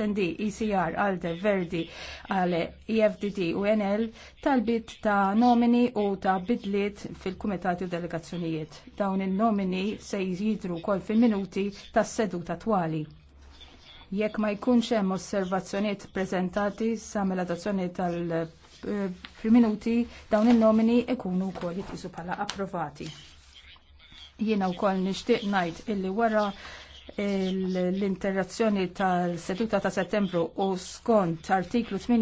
SND, ECR, ALDE, Verdi, għale EFDD u NL talbit ta' nomini u ta' bidliet fil-kumitati u delegazzjonijiet. Dawn il-nomini se jidru kol fil-minuti ta' seduta twali. Jekk ma jkunx hemm osservazzjonijiet preżentati sa mill-adozzjoni tal-minuti, dawn il-nomini ikunu wkoll jitqisu bħala approvati jiena wkoll nixtieq ngħid illi wara l-interazzjoni tal-seduta ta' settembru u skont artiklu 8